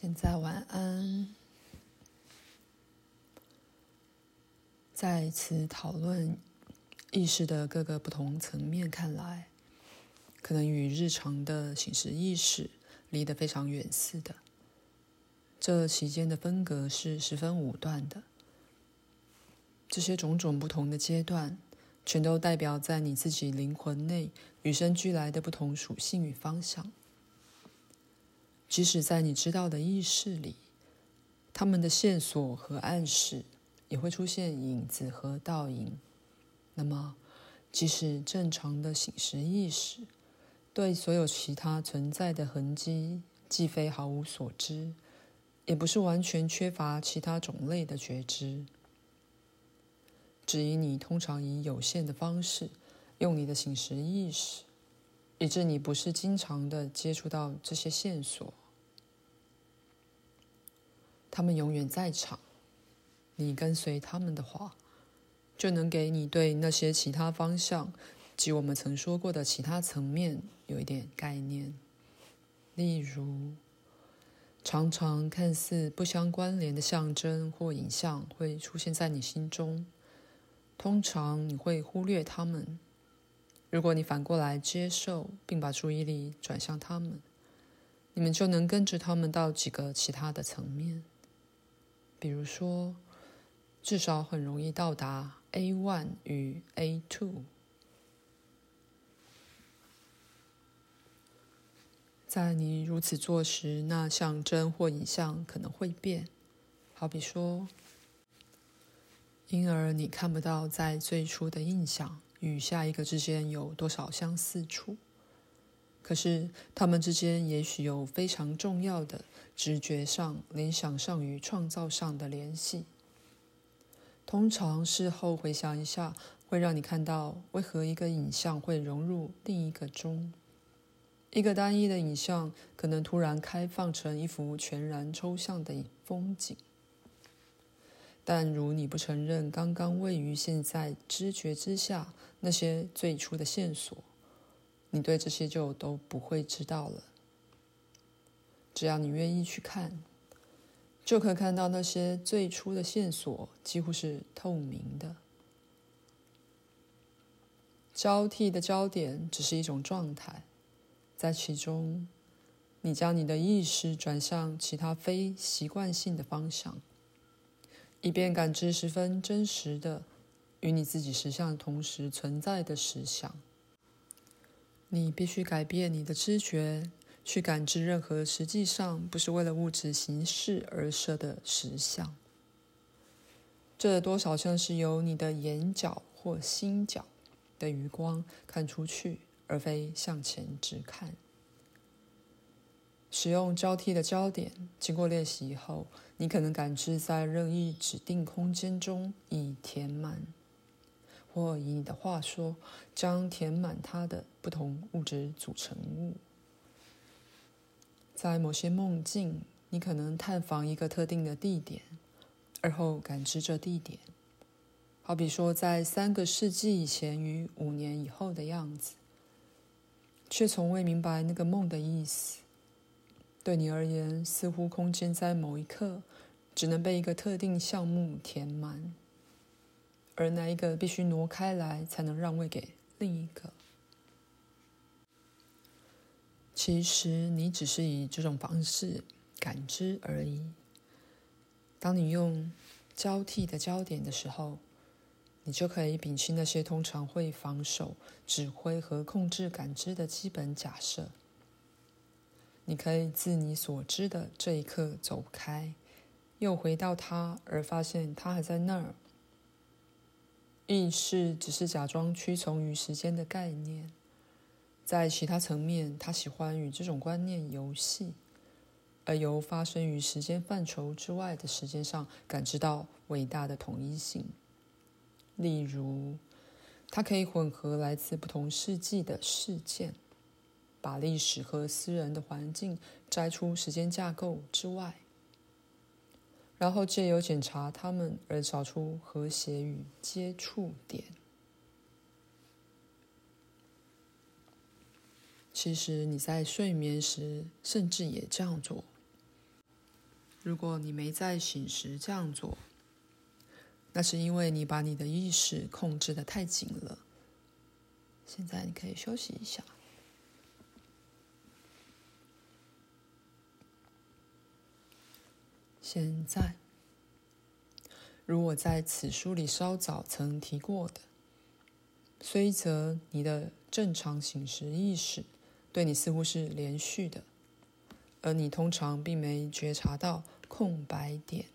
現在晚安。在此討論意識的各個不同層面，看來可能與日常的醒時意識離得非常遠似的。這期間的分隔是十分武斷的。這些種種不同的階段，全都代表在你自己靈魂內與生俱來的不同屬性與方向。即使在你知道的意識裡，他們的線索和暗示也會出現影子和倒影。那麼，即使正常的醒時意識對所有其他存在的痕跡，既非毫無所知，也不是完全缺乏其他種類的覺知，只因你通常以有限的方式用你的醒時意識。以致你不是經常的接觸到這些線索，他們永遠在場。你跟隨他們的話，就能給你對那些其他方向及我們曾說過的其他層面有一點概念。例如，常常看似不相關聯的象徵或影像會出現在你心中，通常你會忽略他們。如果你反過來接受，並把注意力轉向他們，你們就能跟着他們到幾個其他的層面。比如說，至少很容易到達 A one 與 A two。在你如此做時，那象徵或影像可能會變，好比說，因而你看不到在最初的印象。與下一個之間有多少相似處？可是他們之間也許有非常重要的直覺上、聯想上與創造上的聯繫。通常事後回想一下，會讓你看到為何一個影像會融入另一個中。一個單一的影像可能突然開放成一幅全然抽象的風景。但如你不承認剛剛位於現在知覺之下那些最初的線索，你對這些就都不會知道了。只要你願意去看，就可以看到那些最初的線索幾乎是透明的。交替的焦點只是一種狀態，在其中，你將你的意識轉向其他非習慣性的方向。以便感知十分真實的與你自己實相同時存在的實相，你必須改變你的知覺，去感知任何實際上不是為了物質形式而設的實相。這多少像是由你的眼角或心角的餘光看出去，而非向前直看。使用交替的焦點。經過練習以後，你可能感知在任意指定空間中已填滿，或以你的話說，將填滿它的不同物質組成物。在某些夢境，你可能探訪一個特定的地點，而後感知這地點，好比說在三個世紀以前與五年以後的樣子，卻從未明白那個夢的意思。對你而言，似乎空間在某一刻只能被一個特定項目填滿，而那一個必須挪開來才能讓位給另一個。其實，你只是以這種方式感知而已。當你用交替的焦點的時候，你就可以摒棄那些通常會防守、指揮和控制感知的基本假設。你可以自你所知的這一刻走開，又回到他，而發現他還在那兒。意識只是假裝屈從於時間的概念，在其他層面，他喜歡與這種觀念遊戲，而由發生於時間範疇之外的時間上感知到偉大的統一性。例如，它可以混合來自不同世紀的事件。把歷史和私人的環境摘出時間架構之外，然後借由檢查他們而找出和諧與接觸點。其實你在睡眠時甚至也這樣做。如果你沒在醒時這樣做，那是因為你把你的意識控制得太緊了。現在你可以休息一下。現在，如我在此書裡稍早曾提過的，雖則你的正常醒時意識對你似乎是連續的，而你通常並沒覺察到空白點。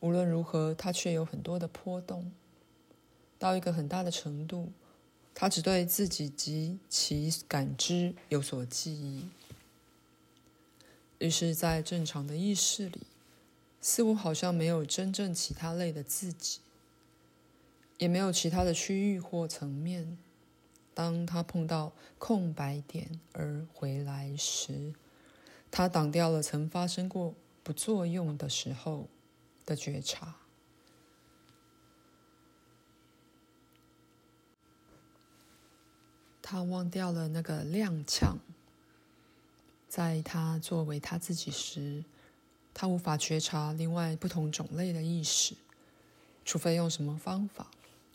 無論如何，它卻有很多的波動，到一個很大的程度，它只對自己及其感知有所記憶。於是，在正常的意識裡，似乎好像沒有真正其他類的自己，也沒有其他的區域或層面。當他碰到空白點而回來時，他擋掉了曾發生過不作用的時候的覺察，他忘掉了那個踉蹌。在他作為他自己時，他無法覺察另外不同種類的意識，除非用什麼方法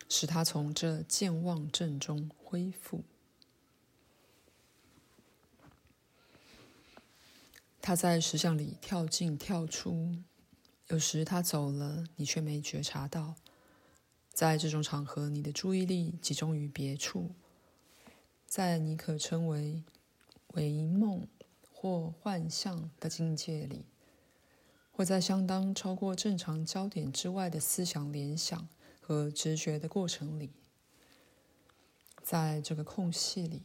使他從這健忘症中恢復。他在實相裡跳進跳出，有時他走了，你卻沒覺察到。在這種場合，你的注意力集中於別處，在你可稱為幻象的境界裡，或在相當超過正常焦點之外的思想聯想和直覺的過程裡，在這個空隙裡，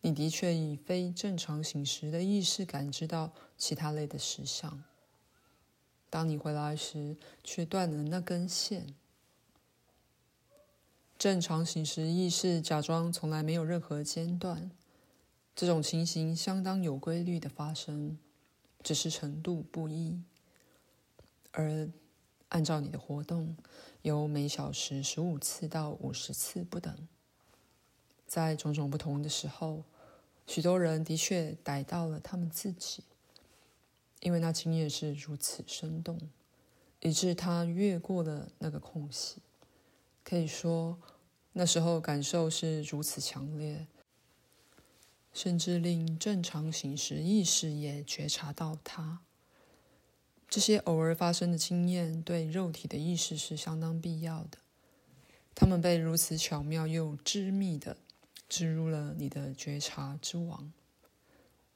你的確以非正常醒時的意識感知到其他類的實相。當你回來時，卻斷了那根線。正常醒時意識假裝從來沒有任何間斷。這種情形相當有規律的發生，只是程度不一，而按照你的活動，由每小時十五次到五十次不等。在種種不同的時候，許多人的確逮到了他們自己，因為那經驗是如此生動，以致他越過了那個空隙。可以說，那時候感受是如此強烈。甚至令正常醒時意識也覺察到它。這些偶爾發生的經驗對肉體的意識是相當必要的。它們被如此巧妙又致密的植入了你的覺察之網，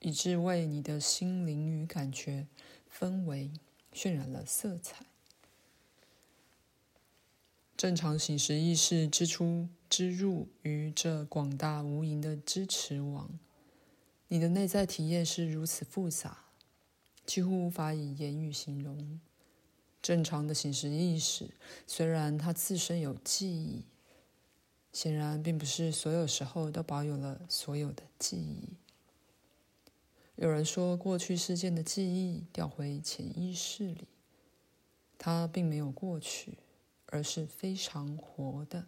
以致為你的心靈與感覺氛圍渲染了色彩。正常醒時意識之初。織入於這廣大無垠的支持網，你的內在體驗是如此複雜，幾乎無法以言語形容。正常的醒時意識，雖然它自身有記憶，顯然並不是所有時候都保有了所有的記憶。有人說，過去事件的記憶掉回潛意識裡，它並沒有過去，而是非常活的。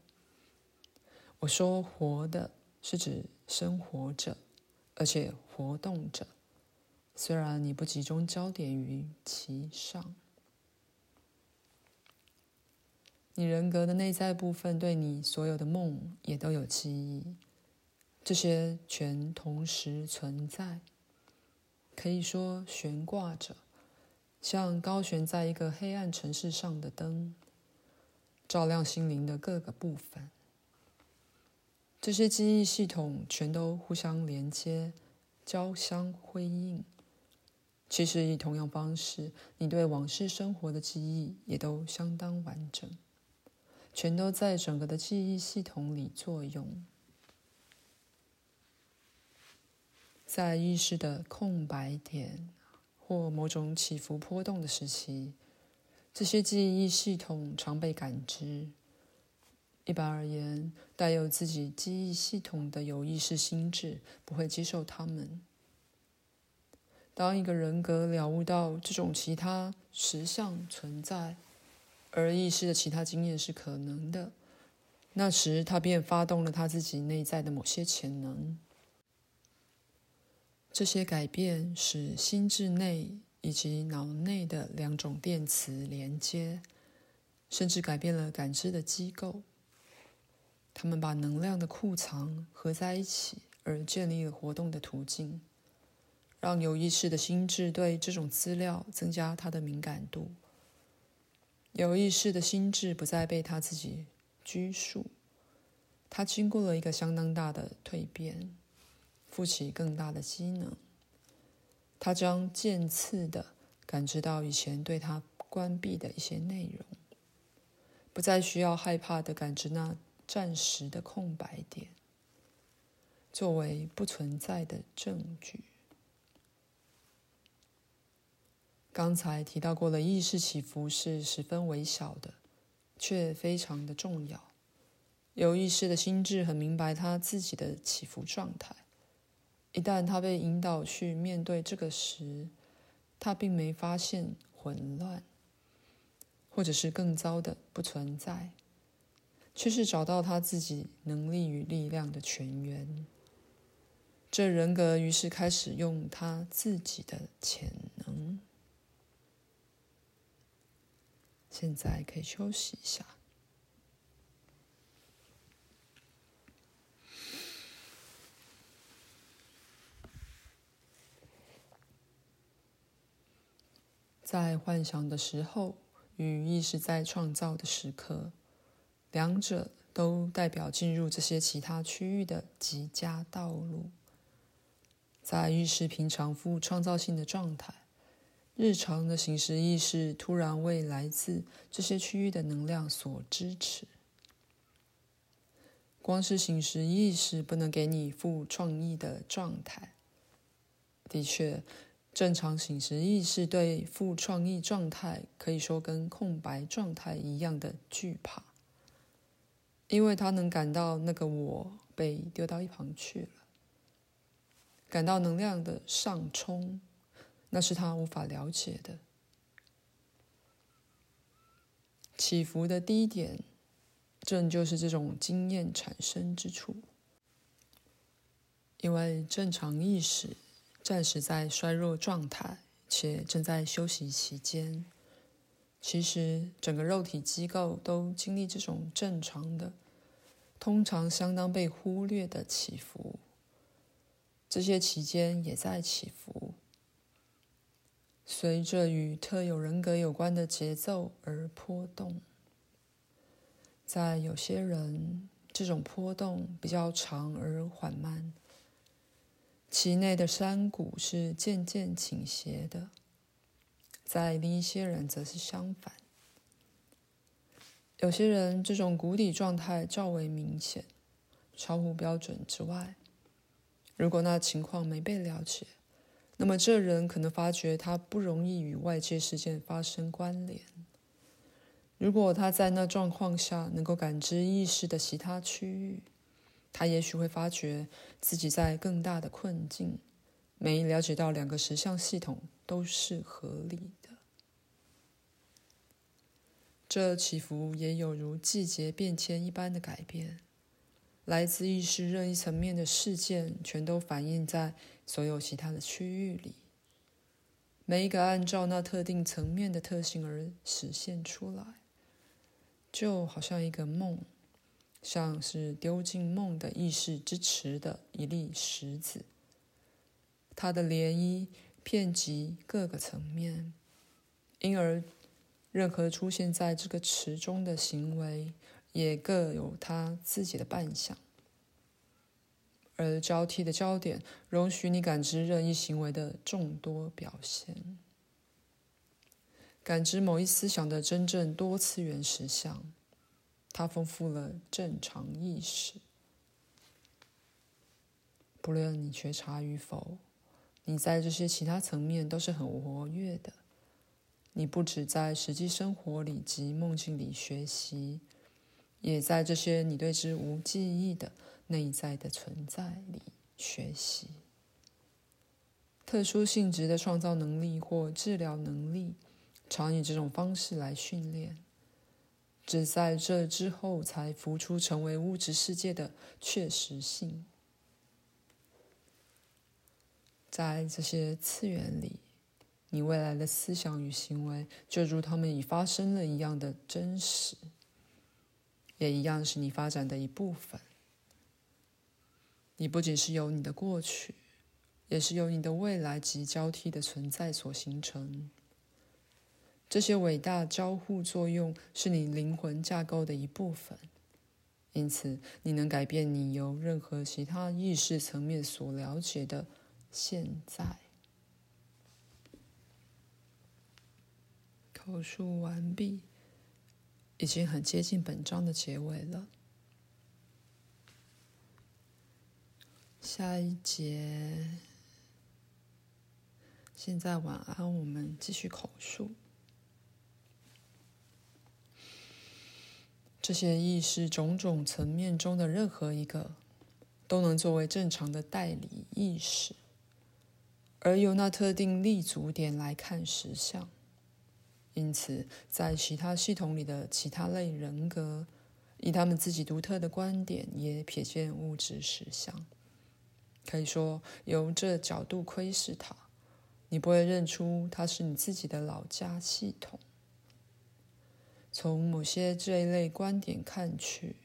我說“活的”是指生活着，而且活動着。雖然你不集中焦點於其上，你人格的內在部分對你所有的夢也都有記憶，這些全同時存在，可以說懸掛着，像高懸在一個黑暗城市上的燈，照亮心靈的各個部分。這些記憶系統全都互相連接，交相輝映。其實，以同樣方式，你對往事生活的記憶也都相當完整，全都在整個的記憶系統裡作用。在意識的空白點或某種起伏波動的時期，這些記憶系統常被感知。一般而言，帶有自己記憶系統的有意識心智不會接受它們。當一個人格了悟到這種其他實相存在，而意識的其他經驗是可能的，那時他便發動了他自己內在的某些潛能。這些改變使心智內以及腦內的兩種電磁連接，甚至改變了感知的機構。他們把能量的庫藏合在一起，而建立了活動的途徑，讓有意識的心智對這種資料增加它的敏感度。有意識的心智不再被他自己拘束，他經過了一個相當大的蛻變，負起更大的機能。他將漸次的感知到以前對他關閉的一些內容，不再需要害怕的感知那。暫時的空白點，作為不存在的證據。剛才提到過了，意識起伏是十分微小的，卻非常的重要。有意識的心智很明白他自己的起伏狀態。一旦他被引導去面對這個時，他並沒發現混亂，或者是更糟的不存在。卻是找到他自己能力與力量的泉源，這人格於是開始用他自己的潛能。現在可以休息一下，在幻想的時候與意識在創造的時刻。兩者都代表進入這些其他區域的極佳道路。在意識平常富創造性的狀態，日常的醒時意識突然為來自這些區域的能量所支持。光是醒時意識不能給你富創意的狀態。的確，正常醒時意識對富創意狀態可以說跟空白狀態一樣的懼怕。因為他能感到那個我被丟到一旁去了，感到能量的上沖，那是他無法了解的起伏的低點。正就是這種經驗產生之處，因為正常意識暫時在衰弱狀態，且正在休息期間，其實整個肉體機構都經歷這種正常的。通常相當被忽略的起伏，這些期間也在起伏，隨着與特有人格有關的節奏而波動。在有些人，這種波動比較長而緩慢，其內的山谷是漸漸傾斜的；在另一些人，則是相反。有些人這種谷底狀態較為明顯，超乎標準之外。如果那情況沒被了解，那麼這人可能發覺他不容易與外界事件發生關聯。如果他在那狀況下能夠感知意識的其他區域，他也許會發覺自己在更大的困境，沒了解到兩個實相系統都是合理。這起伏也有如季節變遷一般的改變。來自意識任意層面的事件，全都反映在所有其他的區域裡。每一個按照那特定層面的特性而實現出來，就好像一個夢，像是丟進夢的意識之池的一粒石子，它的漣漪遍及各個層面，因而。任何出現在這個池中的行為，也各有它自己的伴相。而交替的焦點，容許你感知任意行為的眾多表現，感知某一思想的真正多次元實相。它豐富了正常意識。不論你覺察與否，你在這些其他層面都是很活躍的。你不止在實際生活裡及夢境裡學習，也在這些你對之無記憶的內在的存在裡學習。特殊性質的創造能力或治療能力，常以這種方式來訓練。只在這之後，才浮出成為物質世界的確實性。在這些次元裡。你未來的思想與行為，就如他們已發生了一樣的真實，也一樣是你發展的一部分。你不僅是由你的過去，也是由你的未來及交替的存在所形成。這些偉大交互作用是你靈魂架構的一部分。因此，你能改變你由任何其他意識層面所了解的現在。口述完畢，已經很接近本章的結尾了。下一節，現在晚安，我們繼續口述。這些意識種種層面中的任何一個，都能作為正常的代理意識，而由那特定立足點來看實相。因此，在其他系統裡的其他類人格，以他們自己獨特的觀點，也瞥見物質實相。可以說，由這角度窺視它，你不會認出它是你自己的老家系統。從某些這一類觀點看去，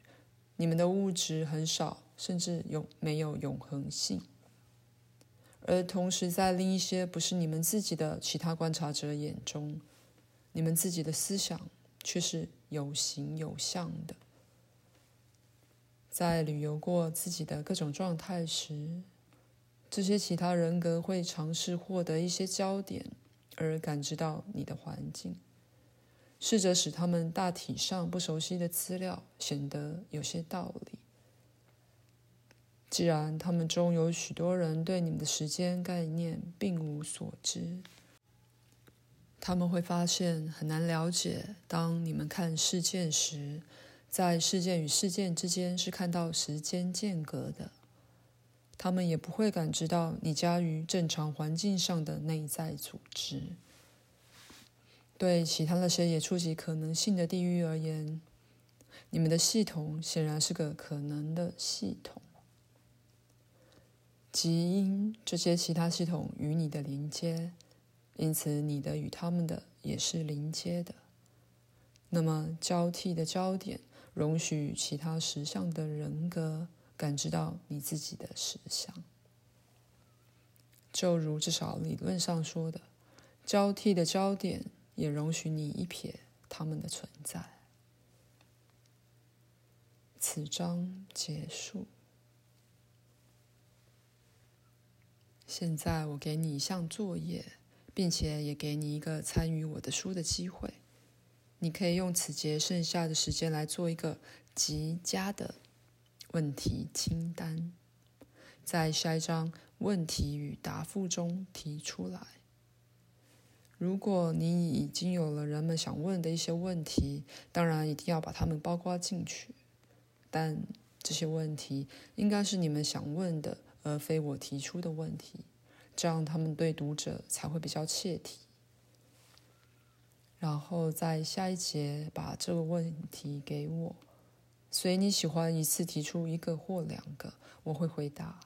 你們的物質很少，甚至有沒有永恆性；而同時，在另一些不是你們自己的其他觀察者眼中，你們自己的思想卻是有形有相的。在旅遊過自己的各種狀態時，這些其他人格會嘗試獲得一些焦點，而感知到你的環境，試着使他們大體上不熟悉的資料顯得有些道理。既然他們中有許多人對你們的時間概念並無所知。他們會發現很難了解，當你們看事件時，在事件與事件之間是看到時間間隔的。他們也不會感知到你加於正常環境上的內在組織。對其他那些也觸及可能性的地域而言，你們的系統顯然是個可能的系統，即因這些其他系統與你的連接。因此，你的與他們的也是臨接的。那麼，交替的焦點容許其他實相的人格感知到你自己的實相。就如至少理論上說的，交替的焦點也容許你一瞥他們的存在。此章結束。現在，我給你一項作業。並且也給你一個參與我的書的機會，你可以用此節剩下的時間來做一個極佳的問題清單，在下一章問題與答覆中提出來。如果你已經有了人們想問的一些問題，當然一定要把它們包括進去，但這些問題應該是你們想問的，而非我提出的問題。這樣，他們對讀者才會比較切題。然後，在下一節把這個問題給我。所以，你喜歡一次提出一個或兩個，我會回答。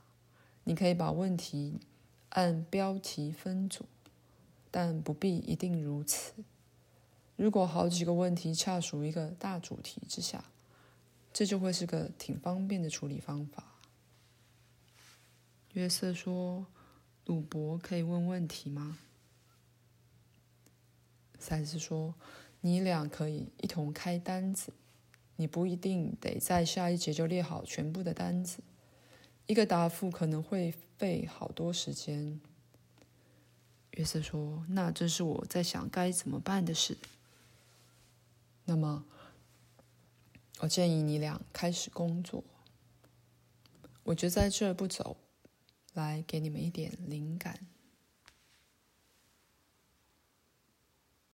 你可以把問題按標題分組，但不必一定如此。如果好幾個問題恰屬一個大主題之下，這就會是個挺方便的處理方法。約瑟說。魯柏可以問問題嗎？塞斯說：“你倆可以一同開單子，你不一定得在下一節就列好全部的單子。一個答覆可能會費好多時間。”約瑟說：“那正是我在想該怎麼辦的事。那麼，我建議你倆開始工作。我就在這兒不走。”來給你們一點靈感。